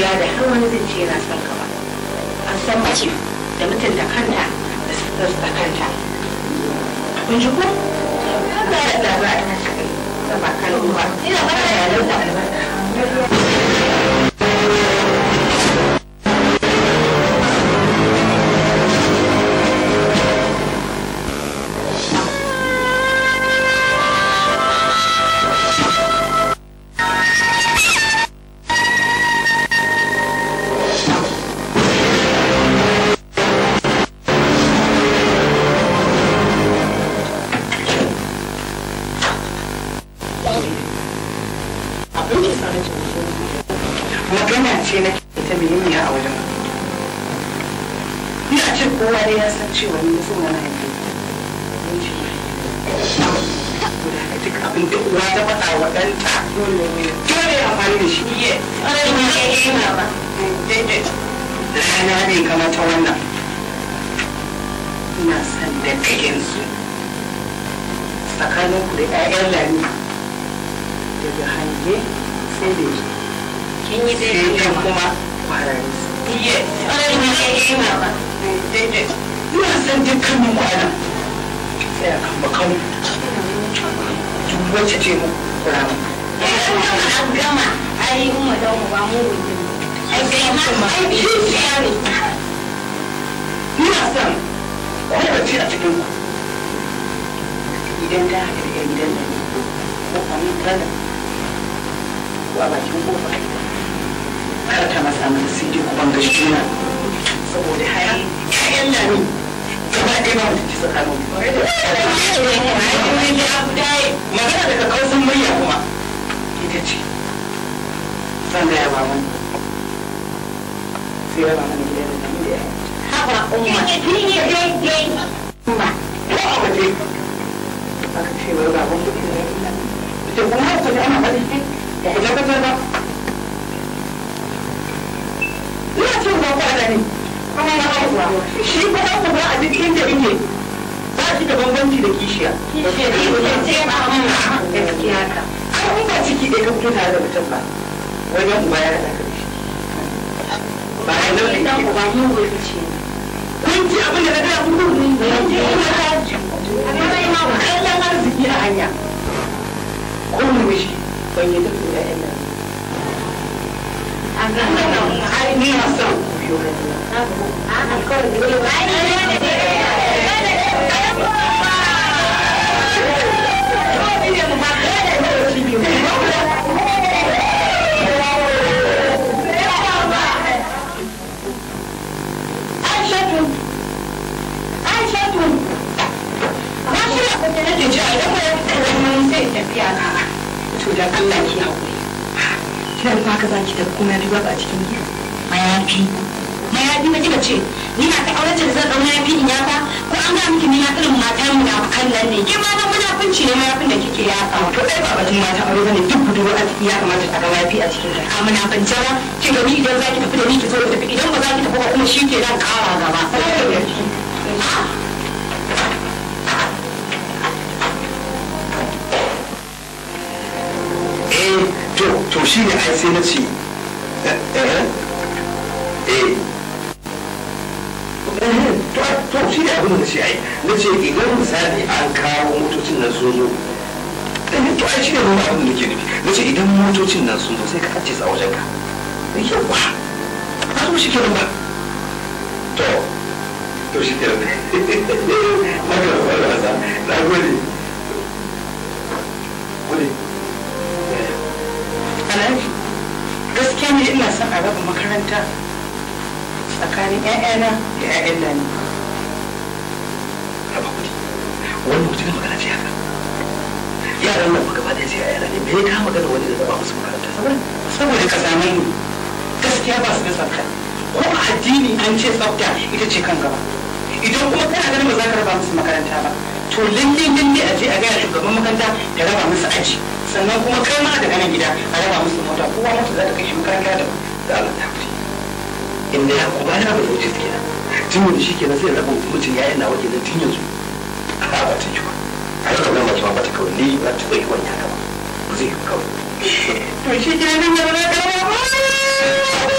ya da har wani zai ce yana son ka ba an san mace da mutunta kanta da sutarta kanta kun ji ko ba da ba a ina shi kai ba kalma ina ba da albarka ban yi dukkan ƴaƴan nan a ga ai ni na son biyo hanya a kawai da yau yi ne da don zaki da kuma ba a cikin gida. Mayafi. Mayafi na ce ni na ta aure da zan ɗau mayafi in yafa ko an ga miki ni na mata mu na kan nan ne. Ke ma na munafunci ne mayafin da kike yafa. To ai ba batun mata aure bane duk budurwa a ciki ya kamata a ga mayafi a cikin ta. ki idan zaki tafi da ni ki zo ki tafi idan ba ki tafi ba kuma shi ke nan ƙara gaba. Ah to shi ne ai sai na ce eh, eh, eh. to shi ne abin da ce ai na ce idan misali an kawo motocin nan sun zo ɗan eh, to ai shi ne wani abin da ke nufi na ce idan motocin nan sun zo sai ka ajiye sa wajen ka yawa ka zo shi kenan ba to to shi kenan na karɓar wasa na gode ne ina son a raba makaranta tsakanin 'ya'yana da 'ya'yan da ni raba kudi wani mutum magana ce haka yaran nan gaba da sai yara ne me ya kama gana wani da zaba musu makaranta saboda ka zame ni gaskiya ba su da tsafta ko a addini an ce tsafta ita ce kan gaba idan kuma kana ganin ba za ka raba musu makaranta ba to lalle lalle a je a gaya shugaban makaranta ka raba musu aji sannan kuma kai ma da ganin gida a raba musu mota kowa musu za ta kai shi makaranta da da a ta inda ya kuma ya ba zuci ke nan tun yanzu shi ke kenan sai rabu mutum ya yi na waje nan tun yanzu a ba ta yi wa a ta kamar mace ba ta kawai ni ba ta bai wani ya ba ba zai yi kawai to shi kenan ya ba na kawai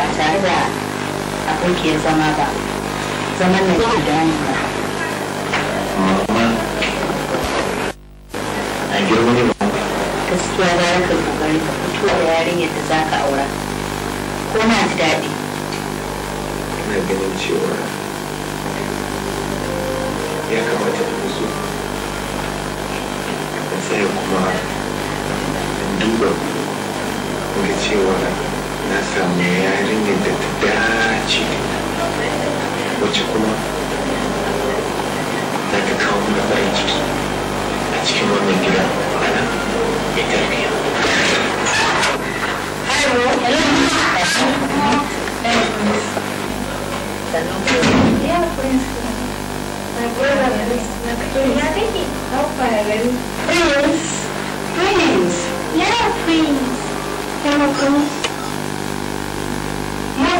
ba tare da abokiyar zama ba zaman na ke da wani ba. Gaskiya zara ka kokari ka fito da yarin yadda za ka aura. Ko na ji daɗi. na ganin cewa ya kamata da musu. Sai kuma duba ga cewa na samu yarinyar da ta dace wacce kuma za ta kawo Prince. Yeah, Prince.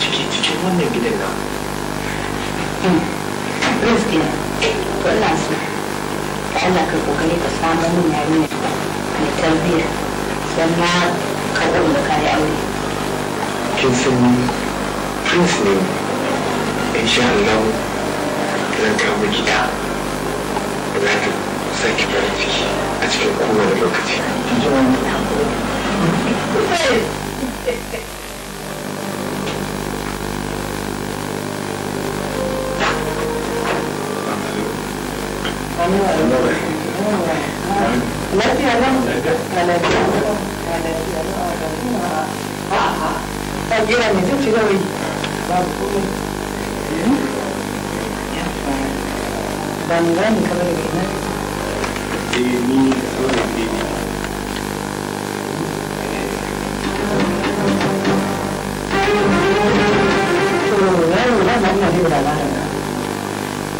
ciki cikin ne gidan na Christina, hmm. to ina so, da Allah ka kokari ka samu min yarinya mai tarbiyya sannan ka da aure. Kin san Prince ne, insha Allah zan gida za ciki a cikin kowane lokaci. Thank lafiya nan a lafiya nan a lafiya nan a kuma a a ta gira mai zai cire wai ba komai ba ni ba ni kamar da kenan eh ni dole ne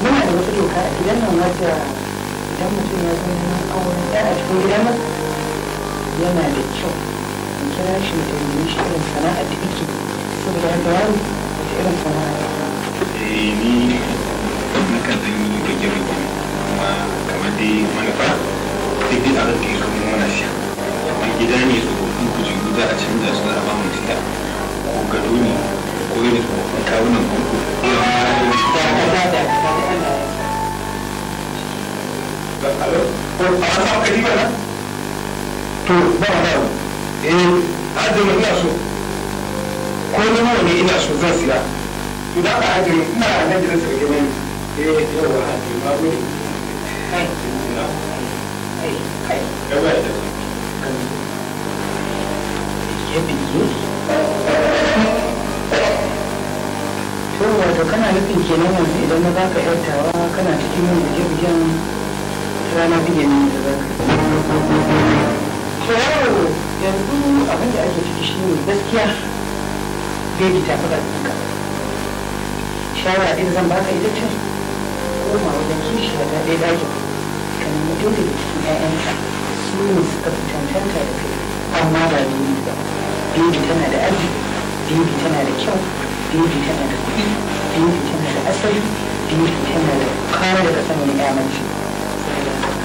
Muna da wata doka a gidan nan wata idan mutum ya zo neman auren ya a cikin gidan nan yana da kyau in kira shi da yi shi irin sana'ar da yake saboda ya bayani da irin sana'ar da yake. ni na kan zan yi gage-gage kuma kamar dai manufa duk dai abin da ya kama mana siya kamar gida ne tsofaffin kujeru za a canza su za a ba mu siya ko gado ne ko yin tsofaffin kawunan banko. ko a to ba ba eh azumi ina so ko ni nawa ne ina so zan siya to da ka azumi ina nan da zan rage mai eh yawa azumi ma gode kai kai kai yawa da yadda zo to wato kana nufin kenan yanzu idan na baka yartawa kana cikin yin bige-bigen rana biyu ne da zaka yanzu abin da ake ciki shi ne gaskiya bai ta faɗa duka shawara ɗin zan baka ita ce koma wajen kishiya ta ɗaya ɗakin ka nemi dole da cikin ƴaƴanka su ne suka fi cancanta da kai amma ba bibi ba bibi tana da aji bibi tana da kyau bibi tana da kuɗi bibi tana da asali bibi tana da kawo daga saman ƴaƴanci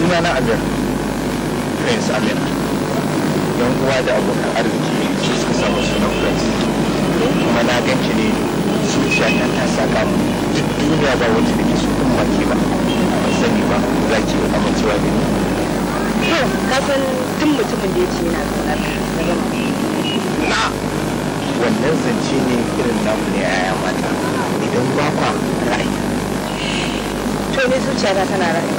suna na amir prince amir yan uwa da abokan arziki su suka samu na prince kuma na ganci ne su zuciyata ta saka mu duk duniya ba wacce da ke su kun baki ba ban sani ba za ki yi amincewa da ni kasan tun mutumin da ya ce yana kaunar na wannan zance ne irin namu ne a yaya mata idan ba kwa ra'ayi to ne ta tana ra'ayi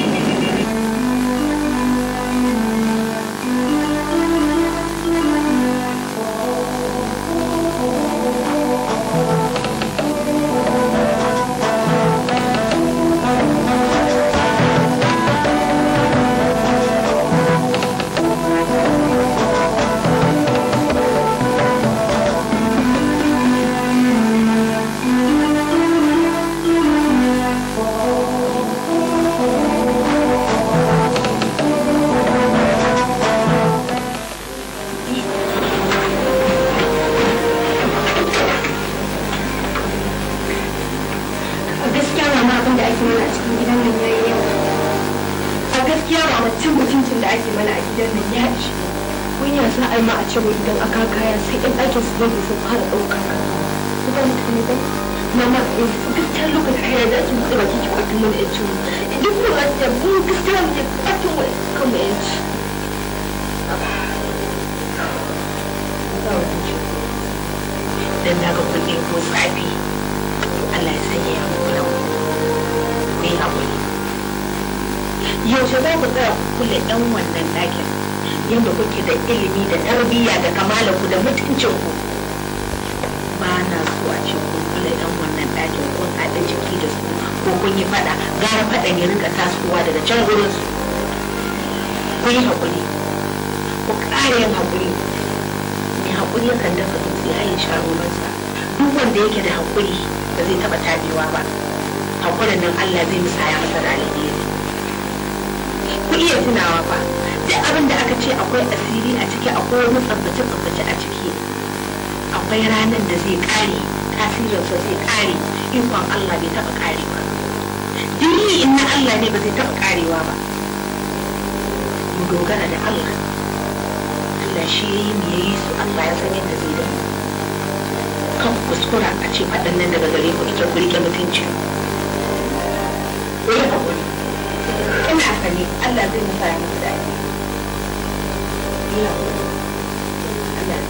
dama a cewa idan aka kaya sai ɗan ɗakin su zai sun fara ɗauka su ba mutane ba mama gaskiya lokaci ya da ake mutsa baki ki kwatin mana yancin mu duk mu a da mu gaskiya mu ke kwatin wa kan mu yanci. Dan na ga kuɗi ko tsafi Allah ya sanya ya muku nan ku yi haƙuri. Yaushe za ku tsaya ku kulle ɗan wannan ɗakin yadda kuke da ilimi da tarbiyya da kamala ku da mutuncin ku ba na so a ce kun kula yan wannan ɗakin kun haɗa ciki da su ko kun yi faɗa gara faɗa ne rinka tasowa daga can gurin su ku yi haƙuri ku ƙara yin haƙuri mai haƙuri kan dafa dutse har ya sha ruwansa duk wanda yake da haƙuri ba zai taɓa tabewa ba haƙurin nan Allah zai musaya masa da alheri ku iya tunawa ba duk abin da aka ce akwai asiri a ciki akwai wani tsabbace tsabbace a ciki akwai ranar da zai kare tasirinsa zai kare ikon Allah bai taɓa kare ba dini in na Allah ne ba zai taɓa karewa ba mu dogara da Allah Allah shi ya yi mu yi su Allah ya san yadda zai damu kan kuskura a ce faɗin nan daga gare ku ike ku riƙe mutunci ku yi haƙuri ina sani Allah zai mu fara da sallah mai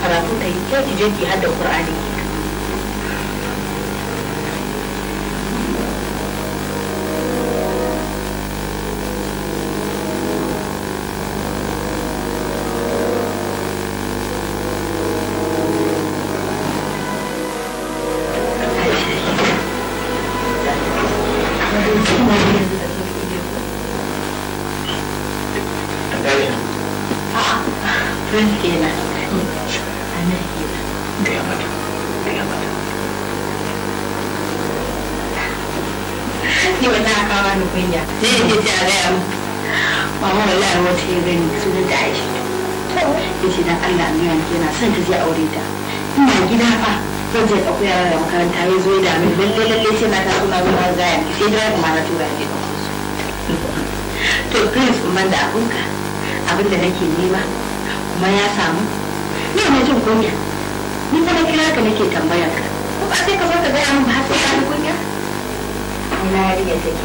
karatu da kyau ki je ki hada qur'ani makaranta ya zo da min lalle lalle sai mata kuma zo an gaya sai drive ma na tura ni to prince kuma da abunka abin nake nema kuma ya samu ni na jin kunya ni fa kira ka nake tambayar ka ko ba sai ka zo ka gaya min ba sai ka kunya ina yariya take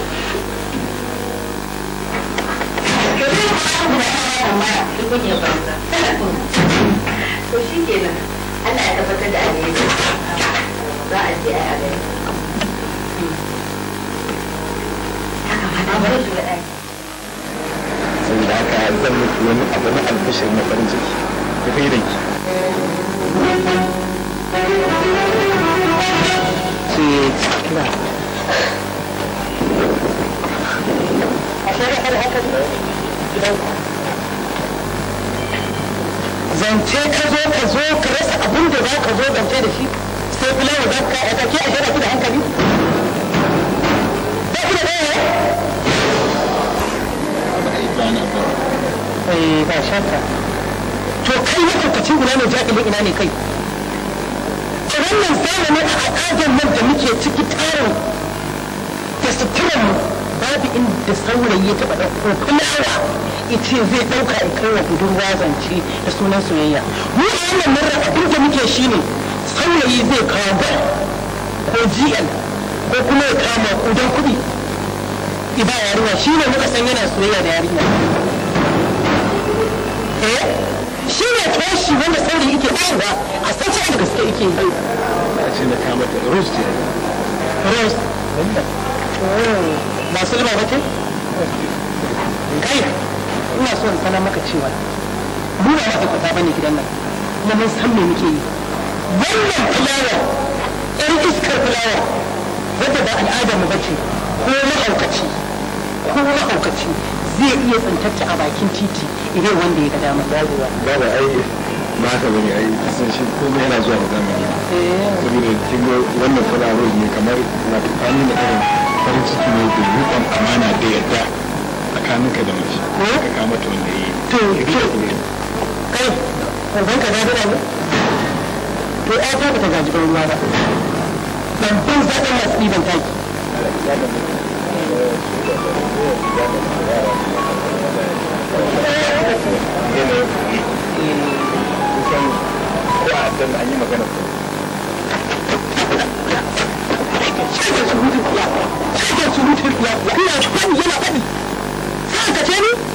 to shi kenan Allah ya tabbatar da alheri za a je a yi abin saboda haka zan muku wani abu na albishir na farin ciki da kai da ki zance ka zo ka zo ka rasa abin da za ka zo zance da shi da a ƙarshe a shaida ku da hankali ba ku da ɗaya to kai ina ne ina ne kai ta wannan nan da muke ciki da babu inda saurayi ya taɓa ɗauko ice zai ɗauka a kai wa budurwa zance da sunan soyayya mu a wannan murar abin da muke shine ne saurayi zai kawo bal ko gl ko kuma ya kama kudan kuɗi Idan yarinya shi ne muka san yana soyayya da yarinya eh shi ne toshi wanda saurayi yake bayarwa a sace da gaske yake yi a ce na kama da rose ce rose hmm, ba su ba wace? kai ina so in sanar maka cewa mu ba kwata bane gidan nan kuma mun san me muke yi wannan fulawa ɗan iskar fulawa wadda ba al'adar mu bace ko ma'aukaci ko ma'aukaci zai iya tsantarta a bakin titi idan wanda ya ga dama babu babu ai ba haka bane ai san shi komai yana zuwa da zamani eh. saboda kin ga wannan fulawar ne kamar na tafani da irin farin ciki ne da rukun amana da yadda tsakaninka da mace ka kama ta wanda yi to kai ban ka da ne to ya ta bata gaji ban ruwa ba ban bin zaɗin masu ɗiban taki Shirya surutun kuwa, shirya surutun yana faɗi, sa ka ce ni?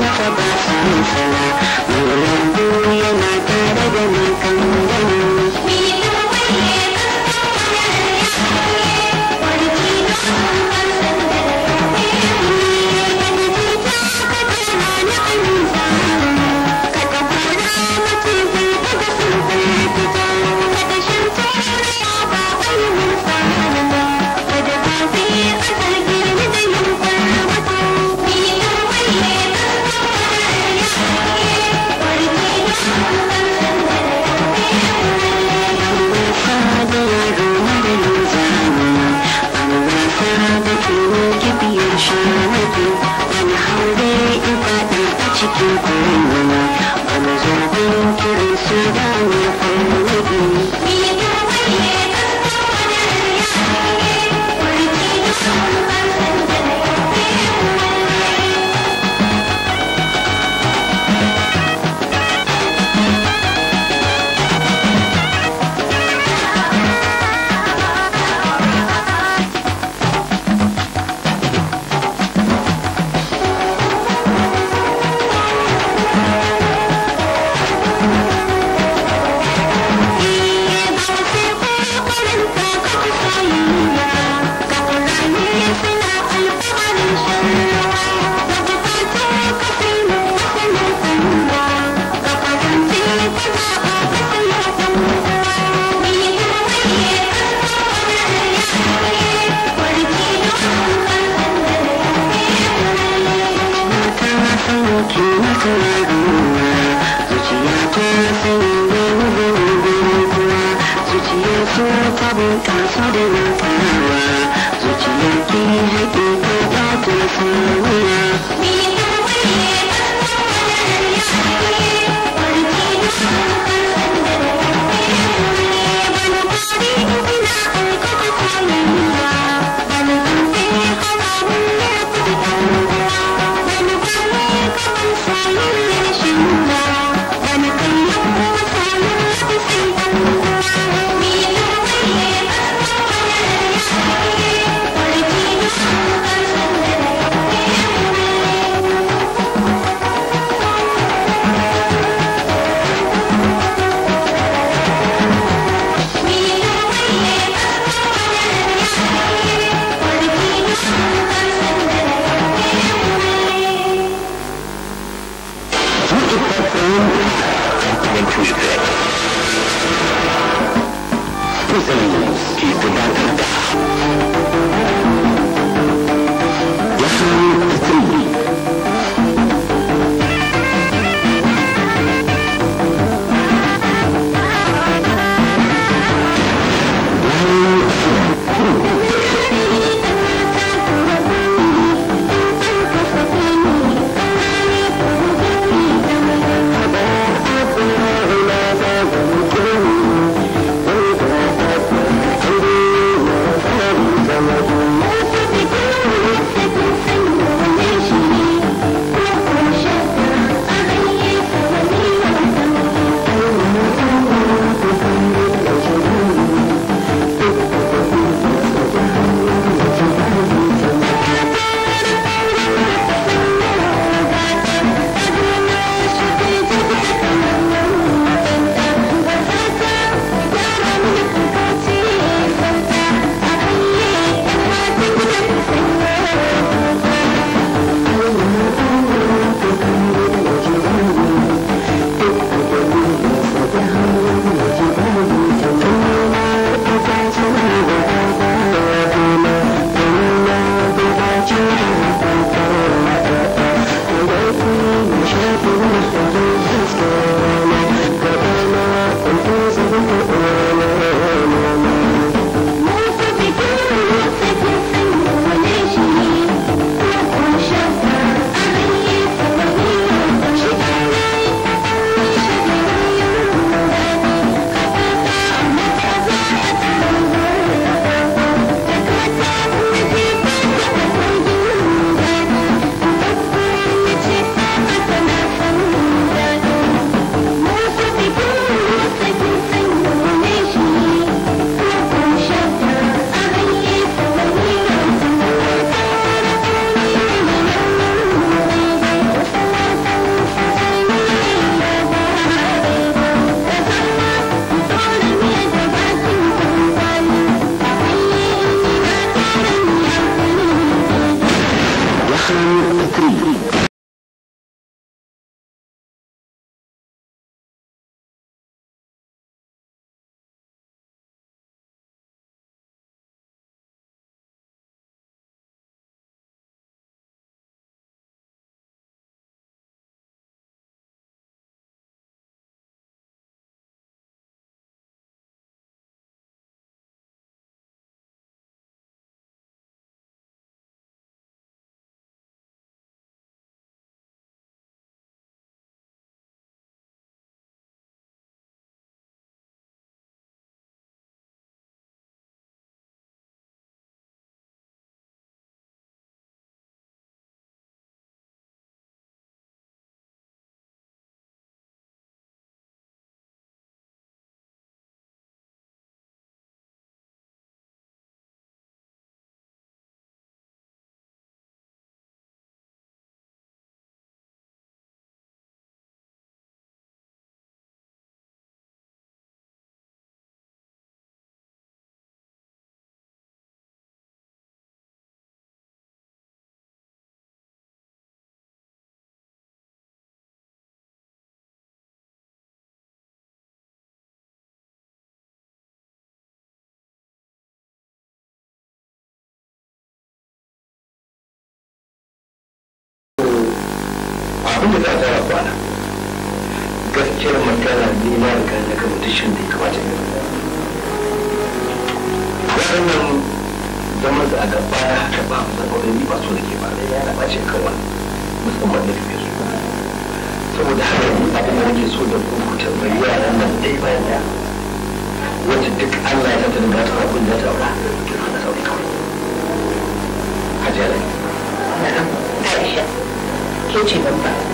never of something. da asara kwana gaskiyar magana ne na riga na gama dushin da ya kamata ne wannan zaman su a gaba ya haka ba saboda ni ba su da ke ba da yana ba ce musamman da kake so saboda haka yi abin da nake so da ku mai yara yaran nan ɗaya bayan ɗaya wacce duk Allah ya tattara ba ta abin da ta aura ki fara sauri kawai hajjara Aisha ke ce babba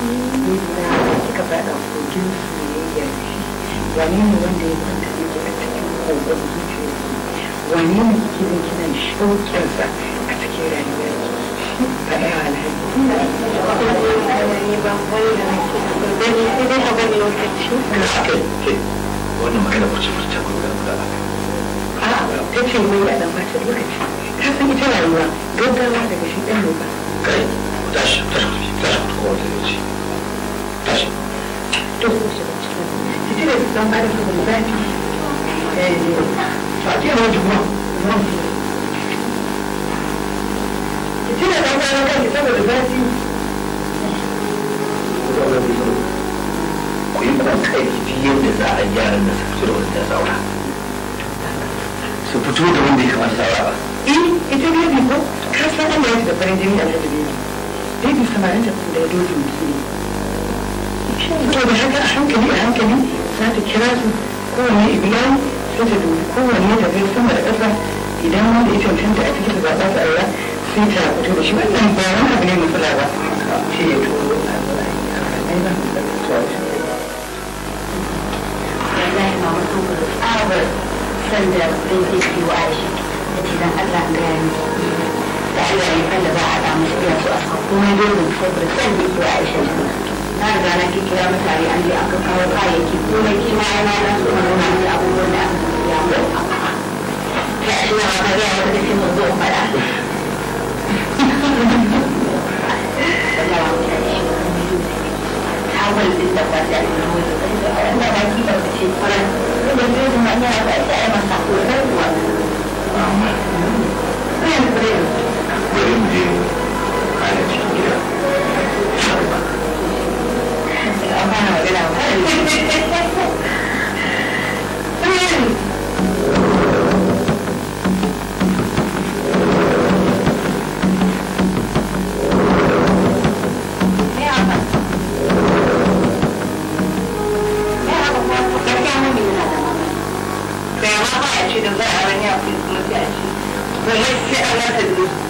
kika faɗa kogin soyayya wane ne wanda ya kwanta da ke a da ku ku tashi kowane lokaci to da su fito da wanda ya kamata zaura ba eh ita ne ko ka san Allah da farin jini a cikin Baby eh, samarin da da ya a hankali a hankali kowane ibiyayi sai ta kowanne da zai sama da ƙasa idan wanda ya a cikin zaɓa ta sai ta fito da shi a shi ciwon rikon da za a damu shi su a komai dole saboda son da ke aisha jana na riga na ke kira mutane an je aka kawo kayayyaki komai kima yana na suna na nuna mai abubuwan da aka ya mu ya shi na maka wata da a Thank you. bari mu Thank you.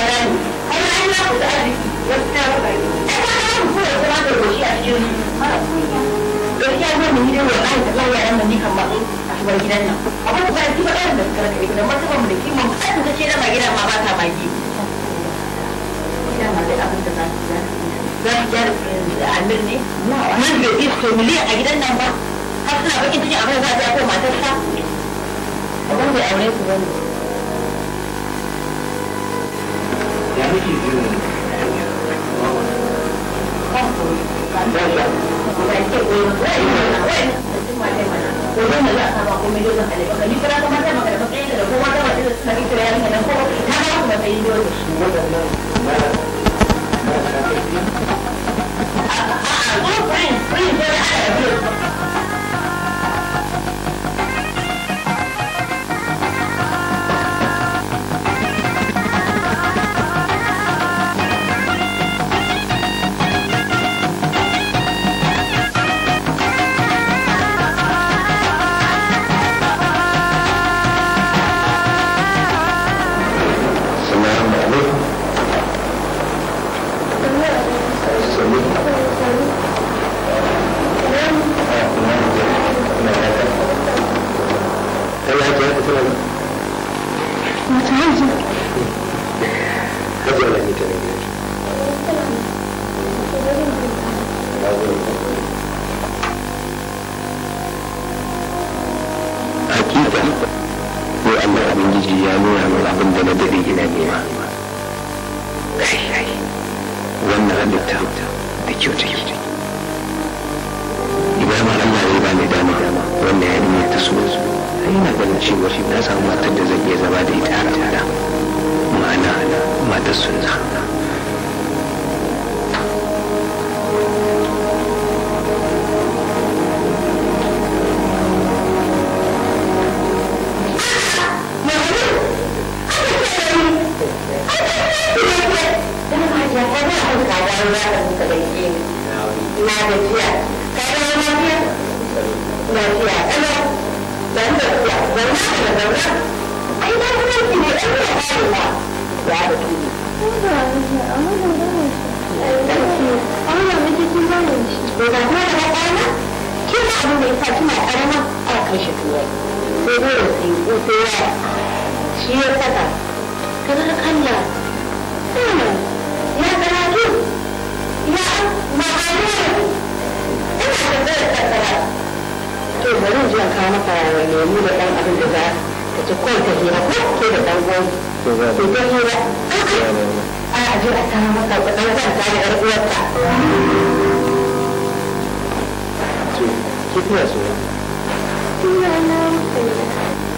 sau miliyan a gidan nan ba har suna bakin cikin abin za a ja ko matarsa abin bai aure su bane ya nake We're friends, friends, we're friends. ko ya shi ya saka ka ga kalla ya karatu ya ma'aikata da zai tattara to bari jiya kawo maka lemu da dan abin da za ka ci ta hira ko ke da ɗan uwan ke ta hira a ji a kawo maka ɗan ta da ɗan uwarta. Kifin ya so. ya na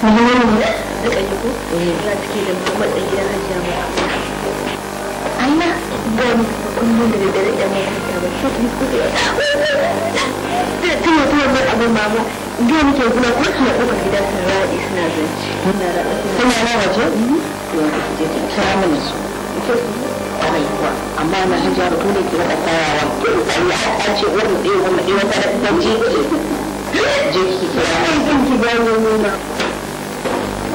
Mm-hmm. ko ɗaya eh. ko ya suke da muhammad ɗan gidan hajiya ba Allah ga kullum da dare da mu ta ba shi ki ku ta tuma tuma mai abin mamu ga muke kuma ko ki gida gidan sun suna zanci wannan yana waje to kira mana su amma na ba tsayawa a ce da ta kira mana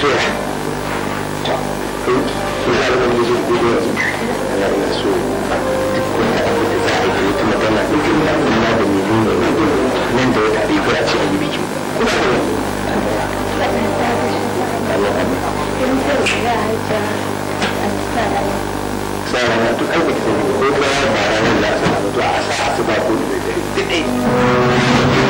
to ya shi to to ya rubuta da zai gudu yanzu ya ina so duk abu da za a yi da kuma a yi biki ba a sa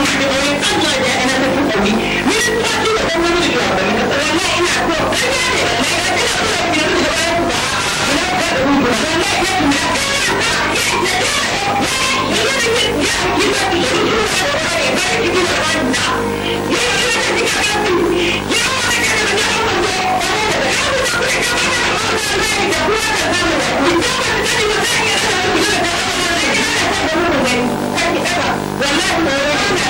samu da wani ya Thank you.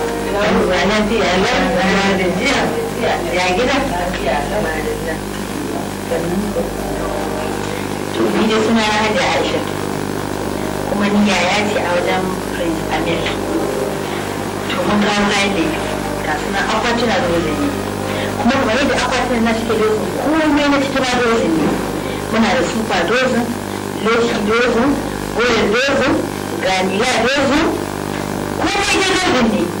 Ya gida? To ni da suna da Aisha kuma ni yaya ce a wajen Prince Amir. To mun kawo kayan da suna akwatuna da wajen ne. Kuma kamar yadda akwatuna na cike dozin komai na cike dozin ne. Muna da sufa dozin, loshi dozin, goyon dozin, ganiya dozin, komai da dozin ne.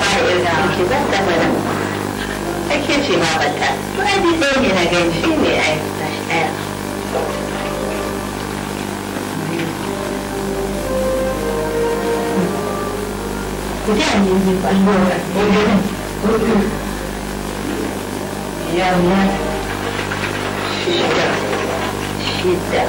fa'iza ki ban da ake ce ma bata to ai bi ne na gani shi ne ai ɗaya Yamma shida shida.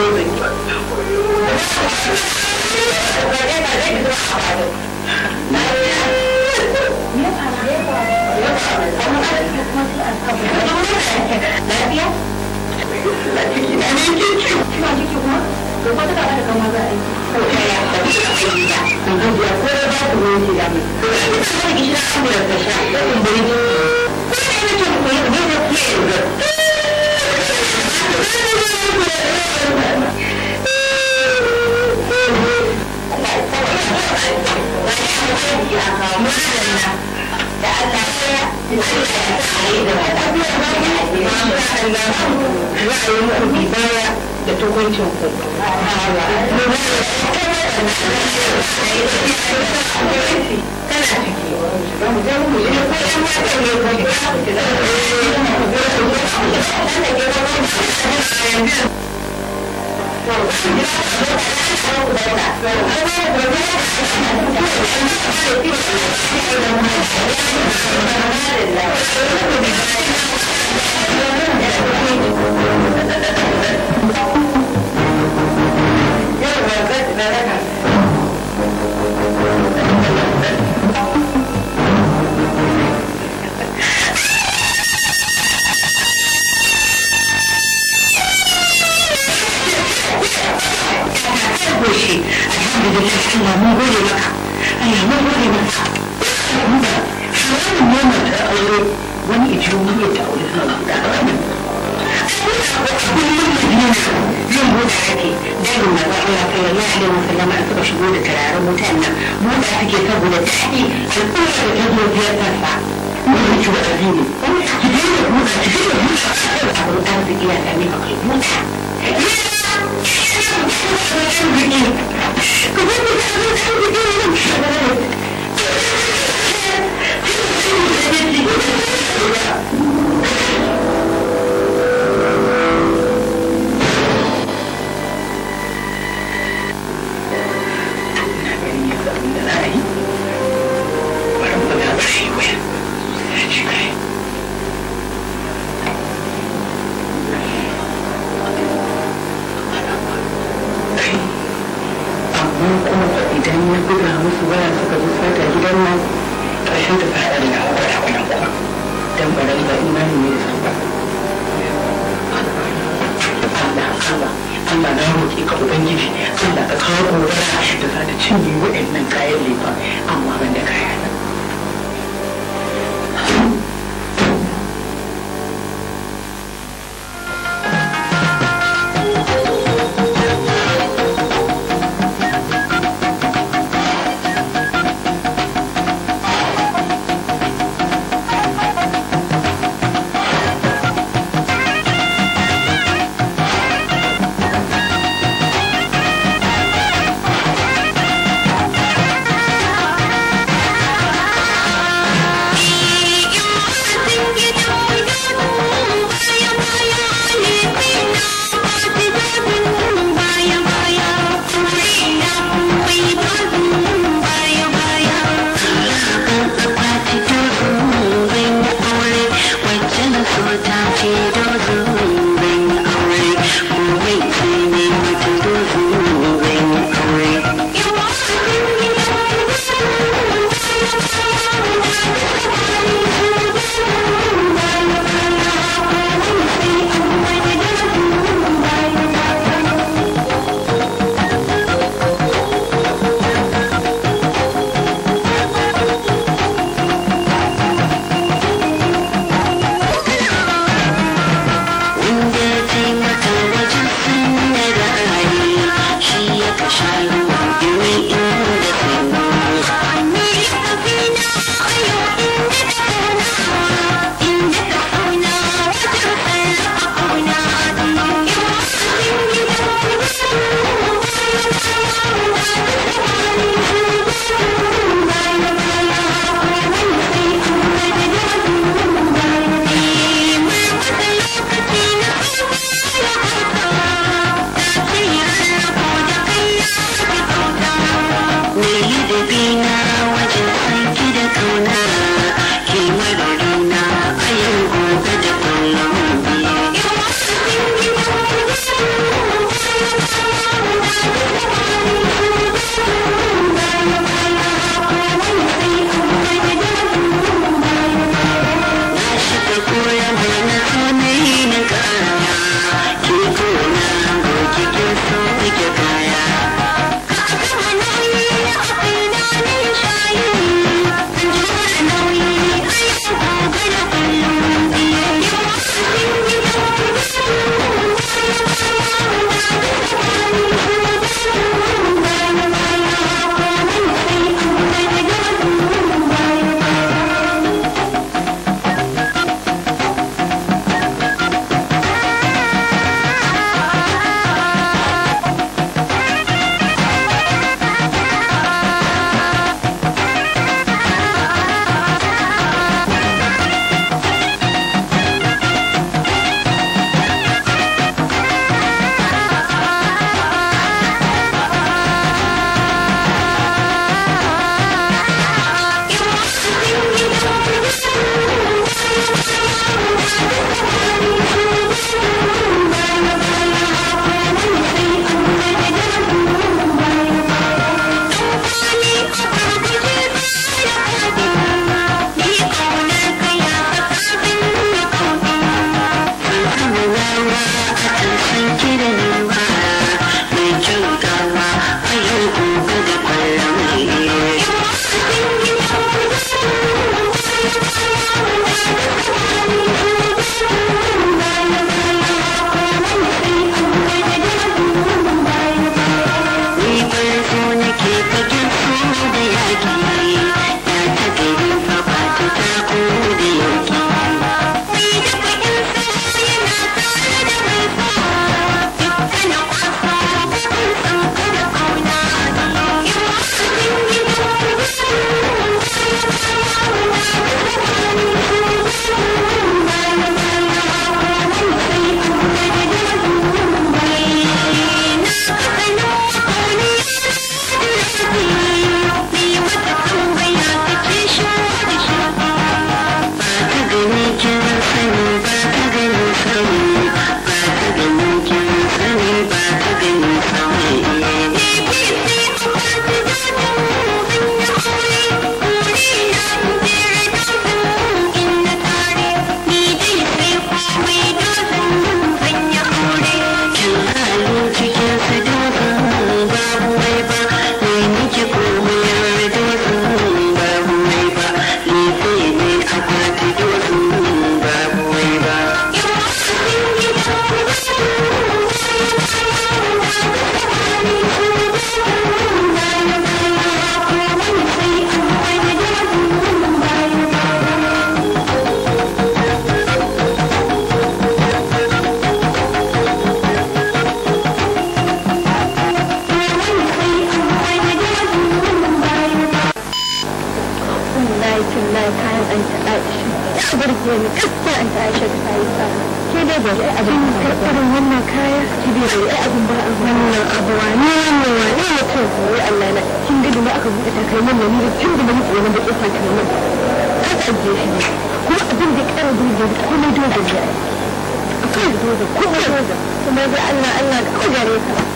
Allah na roƙe ka Ubangiji Allah ka kawo gobara da za ta cinye waɗannan kayan lefa amma ban da kaya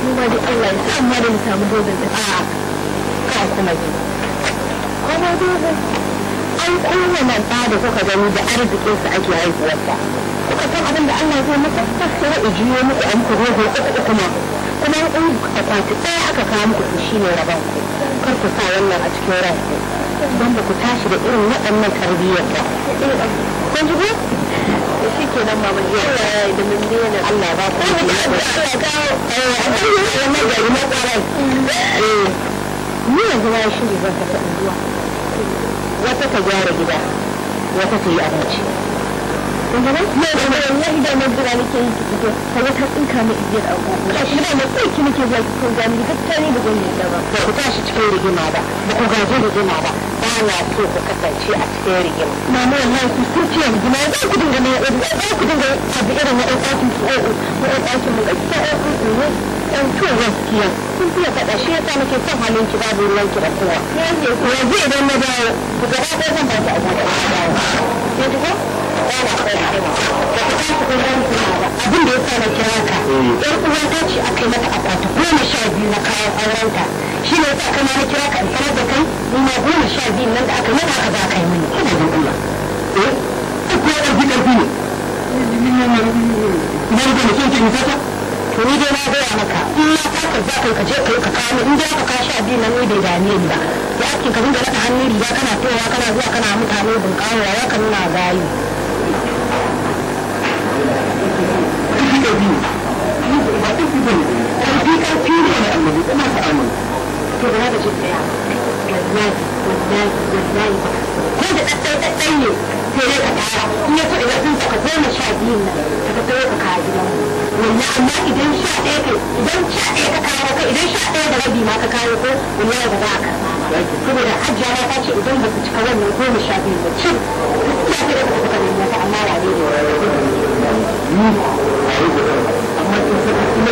kuma da Allah ya san ma da mu samu da kuma ji kuma an da kuka gani da arzikinsa ake haihuwarsa kuka san abin da Allah zai masa sassara ijiyo muku an ku rogo uku kuma kuma in akwati ɗaya aka kawo muku su shine rabon ku kar ku sa wannan a cikin ranku don ba ku tashi da irin waɗannan tarbiyyar ba kun ji shi ke nan mamu jiya Allah ya yi da mun biya ba ku ne eh, eh, ni yanzu na shiri zan tafi unguwa wata ta gyara gida wata ta yi abinci kun gaba? ne da ne da ida na jira nake ta tsinka mai igiyar agogo a shi da kai ki nake ki kun gani gaskiya ne da gwamnati ba ba ku tashi cikin rigima ba ba ku gaji rigima ba Ana so ku kasance a cikin rigima. Mama wallahi ku sun ce rigima ya ku dinga na ya ku dinga abu irin na ɗan ɗakin su ɗan ɗan ɗakin mu ɗan ɗan ɗan ɗan to gaskiya. Kun fiye faɗa shi yasa nake son halin ki babu ruwan ki da kowa. Yanzu yanzu idan na dawo ku gaba ɗaya zan ba ki abu da ɗan dawo. Ya ji ko? abin da ya sa na kira ka ɗan uwa ta ce aka yi mata akwati goma sha biyu na kayan aurenta shi ne sa ka na kira ka sanar da kai nuna goma sha biyu nan da aka yi, aka za ka yi mini ina da gula eh duk ko da gidan ne na da mutum ke misata to ni dai na gaya maka in na farka za ka je kai ka kawo in dai aka ka sha biyu nan ni bai dame ni ba ya ake ka dinga raka hannu riga kana towa kana zuwa kana mutane bunƙawa ya ka nuna gayu Thank you. to ba za ka ji tsaya wallahi wallahi wallahi ko da ɗaɗɗai ɗaɗɗai ne sai dai ka tara in ya so idan sun saka goma sha biyun nan ka ka tsaye ka kawo gidan wallahi amma idan sha ɗaya ka idan ka kawo ka idan sha da rabi ma ka kawo ko wallahi ba za a karɓa ba saboda hajjiya ma ta ce idan ba su cika wannan goma sha biyu ba cin ya ka ɗauka ka kawo mata amma wane ne amma kin saka kuma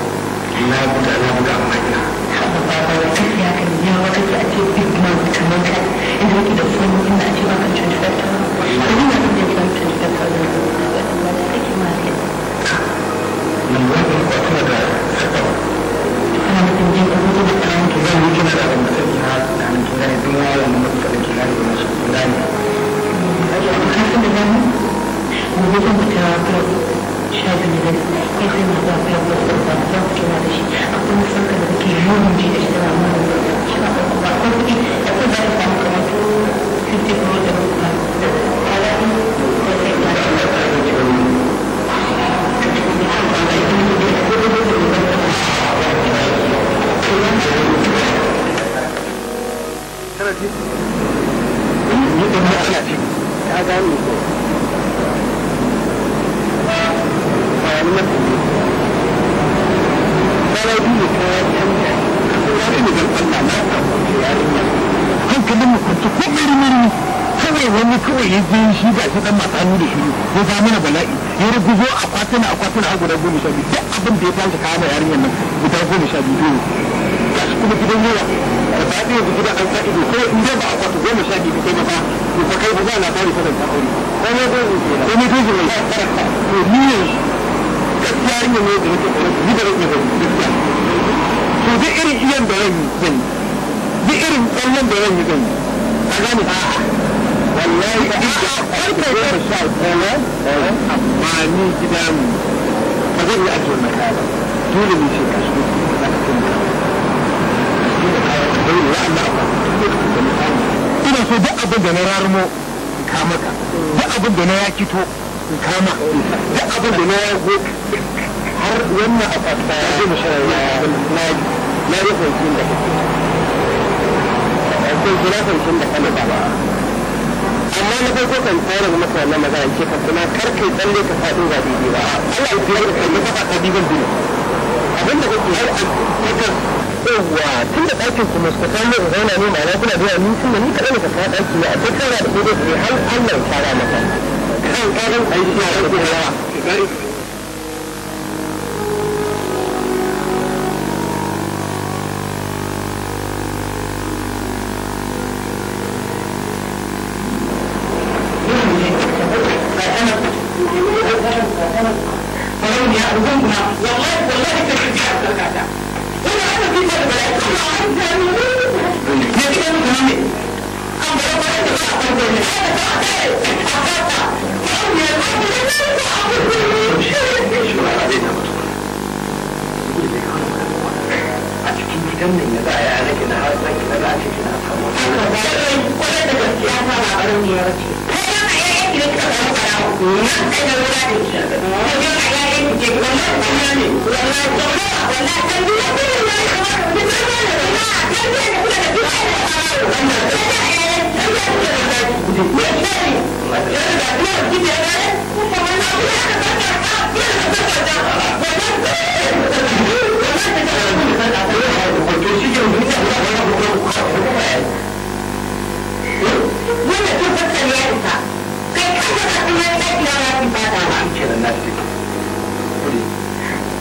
na buga na buga amma ina haka ba ba da take ya kan ya wata ke ake big man ta mata inda yake da fon ina ce ba kan 25 ko da kan 25 ko da ma ne nan ba ko tana da sakon ana da jin ko ko da kan ki yi kina da abin da take ha da nan duk wani da take gane da shi gane ne. ya ka san da nan mu ne ta shagon da zai ya na ba ta ba ta ba ta kira da shi akwai masarka da take yawan shi da ta kuma ta da kalmar da ne sarari ne ta canja sarari ne ga Allah na samu yarinya hankalin mu kwanci kawai wani kawai ya je shi ga shi dan matsani da shi ya ga mana bala'i ya ruguzo a kwatuna a kwatuna har guda goma sha biyu duk abin da ya tashi kawo yarinyar nan guda goma sha biyu ga shi kuma gidan yawa da ba zai yanzu gidan an sa ido sai in dai ba a kwatu goma sha biyu kai ba to fa kai ba za a labari sanar da aure komai dozo ke da komai dozo mai to ni yanzu yayin da ne zai yi da rage da gaskiya to duk irin iyan da zan yi duk irin tsallan da zan yi zan yi a gani wallahi a inda farko da ya sha kowa amma ni gida mu ba zan yi a tona ne shi kashi da kuma da kan da ina so duk abin da na rarumo in kama ka duk abin da na yakito in kama duk abin da na har wannan a fasta ya ji mishirar na na yi kwancin da kake akwai kula kwancin da kana da ba amma na farko kan tsara ga masa wannan magana ce ka kuma kar kai tsalle ka faɗo ba daidai ba Allah ya tsira ka kai ka faɗa bigan biyu abin da kake har a kakar yawwa tun da ɗakin kuma suka samu in zauna ne ma'ana kuna zuwa ni tun da ni kaɗai ka kawo ɗaki ne a duk kana da sai dai har Allah ya tsara maka kan ƙarin aiki a cikin yawa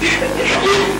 Стой! Стой!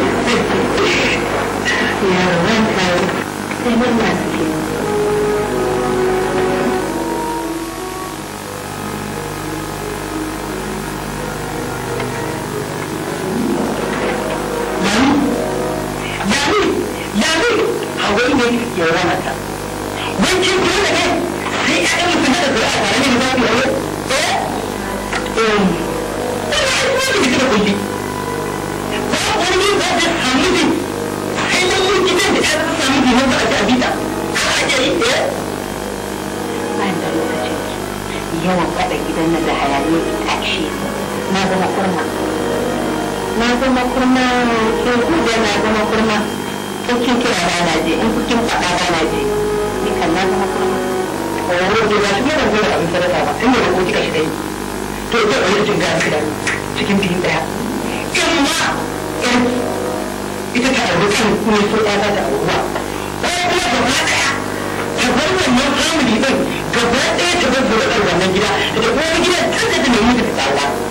对对对，要认真，认真答题。kurma na zama kurma kin kuɗe na zama kurma ko kin kira da na je in kin faɗa da na je ni kan na zama kurma a wurin da shi ne da abin sadaka ba inda da kuɗi kashi dai to da wani jin ga kira cikin din daya kin ma ita ta aure kan kuma so ta ta aure ba ko kuma gaba daya ta bar wannan family din gaba daya ta bar wannan gida da ta kuma gida ta da ta nemi ta tsada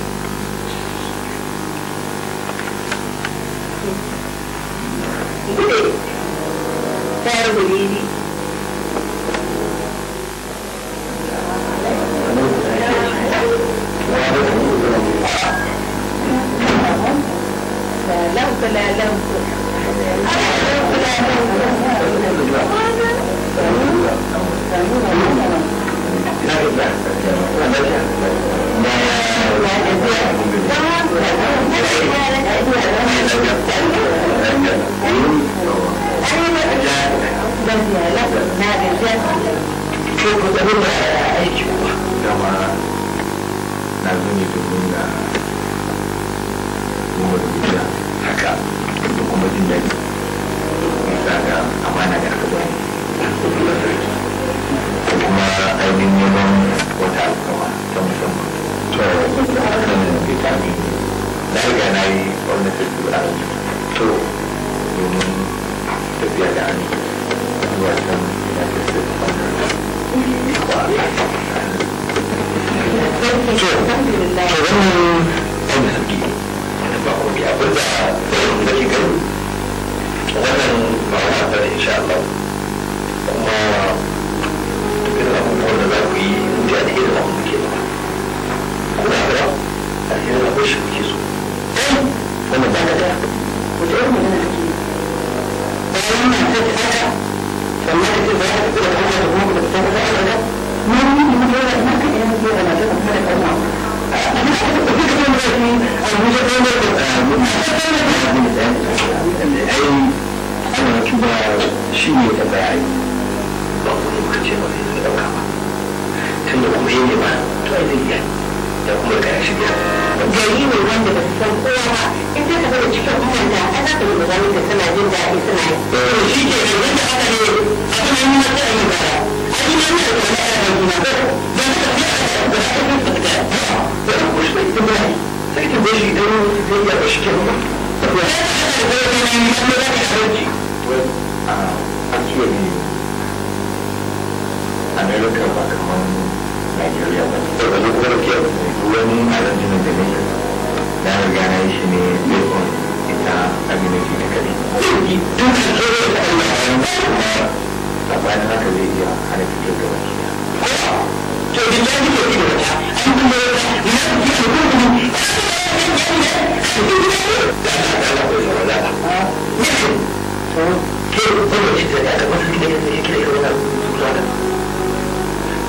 kuɗe tayar guliri Lalanku, lalanku. Lalanku, lalanku. wata alkama ta musamman. na riga na yi gwamnatin tura to domin tafiya da hannu zuwa kuma yi da irin abubuwan ke ba kuna Tunda kuma da kuma da kashi gari ne wanda ba su san kowa ba in ta tafi da cikin umanta an za ta yi magana da suna jin daɗi suna yi to shi ke da wanda aka ne aka ne nuna ta yi ba a yi ne nuna da wani yi ba don ka a da aka yi ba da ba da ku shi sai ki bai don zai iya shi ke ba da ya ta da wani ne ya ta da a kiyo ne America ba kamar Najeriya ba daga lokacin da wani arrangement da nake na riga na yi shi ne based ita community na kare duk su zo da Allah ya yi haka zai iya hana fitar da wani to da ya yi ke da ta an kuma ya yi na yi ke gudu ke kuma ce da ta da wasu gidan da ya kira ga wani abu su zuwa da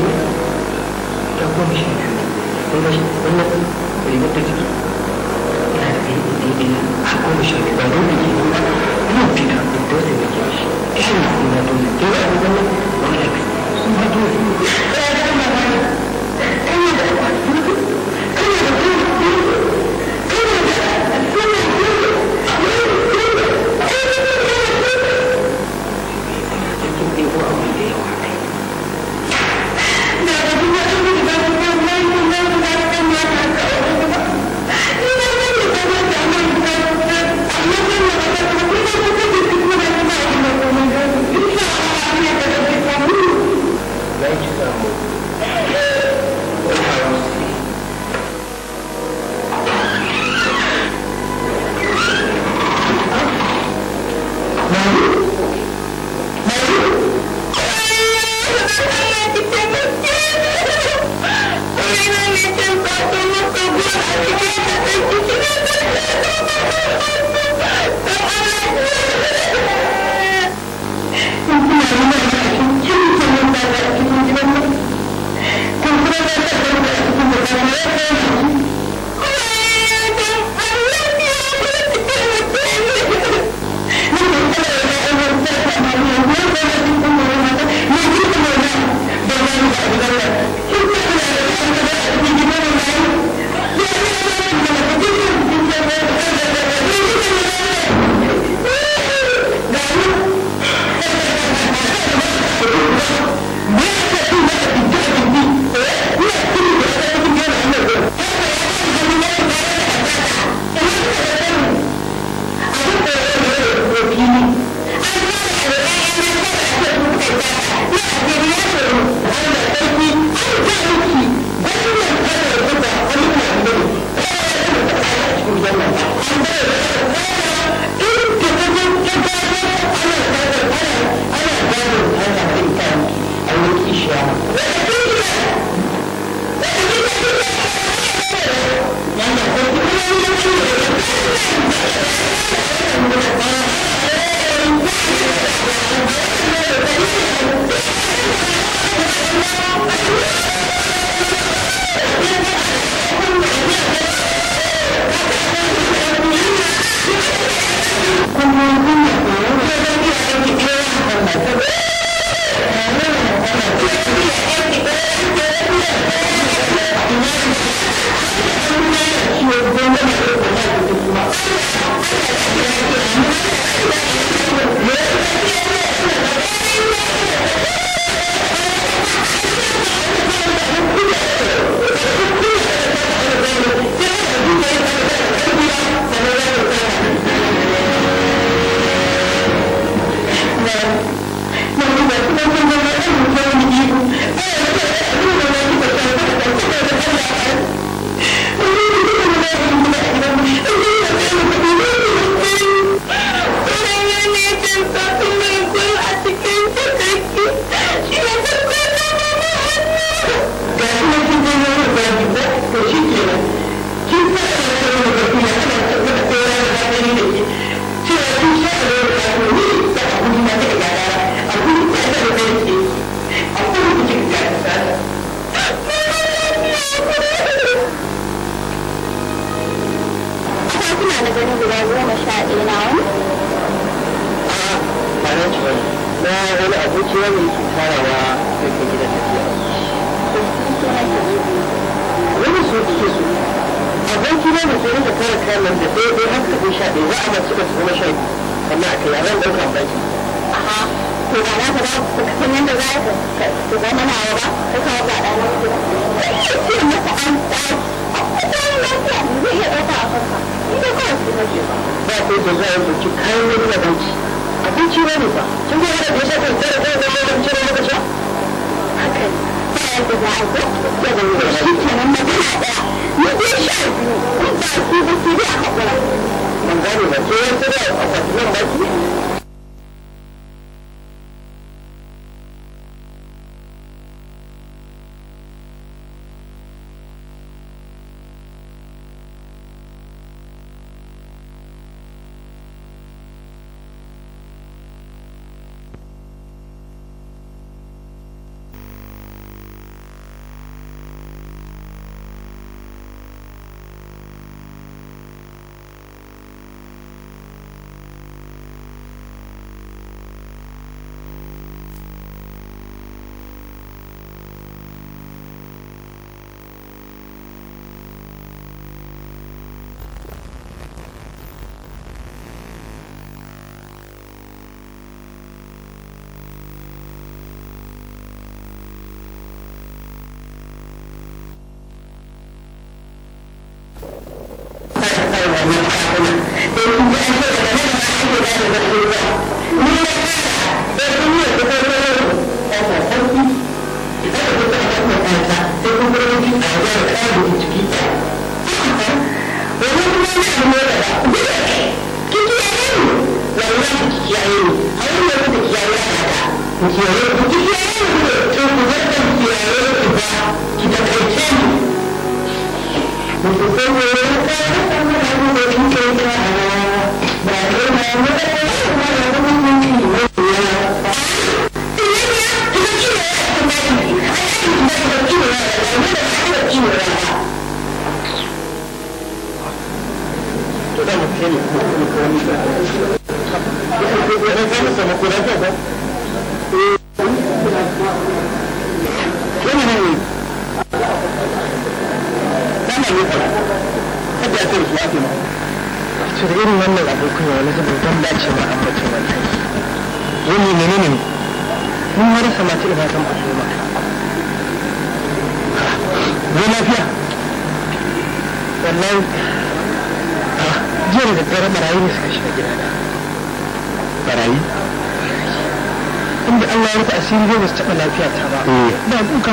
da goma sha biyu wannan rigar ta ciki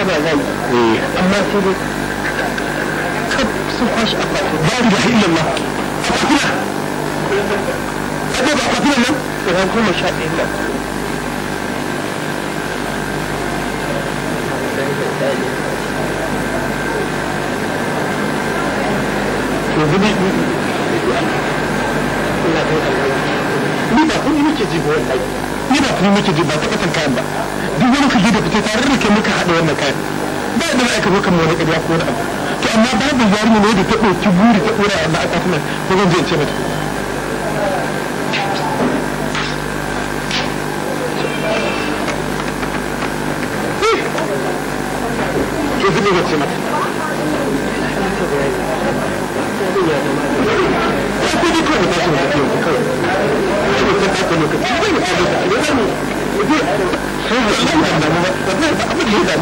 ba zai amma sai dai kaf sun kwashi akwati ba da illan ma akwatuna ba akwatuna nan ran goma sha ɗaya nan ni ba kuma nake ji ba ni ba kuma ba ta kasan kayan ba duk wani fige da fita tare da kai muka haɗa wannan kayan ba da za ka zo kan wani ƙarya ko wani abu to amma babu yarinya ne da ta ɗauki buri ta ɗora a Allah ko zan je in ce mata Thank you. Allah ya ne a cikin gidan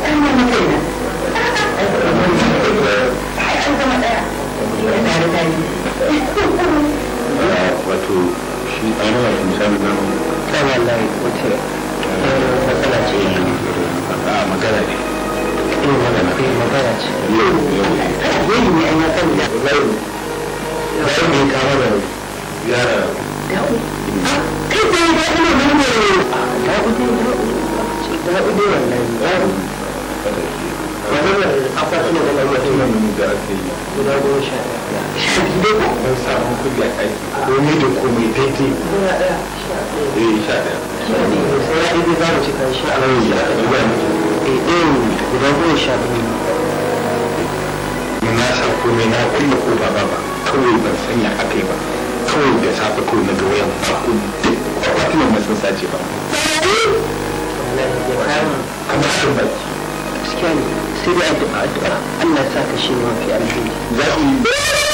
nan ni da wato shi an a akwati da yi a kai komai da komai daidai na sa komai na kulle ko ba ba kawai ban sanya aka ba kawai da safe kawai na ga ba ko duk akwati masu sace ba. baki. gaskiya ne sai dai addu'a addu'a Allah ya sa ka shi mafi alheri za ku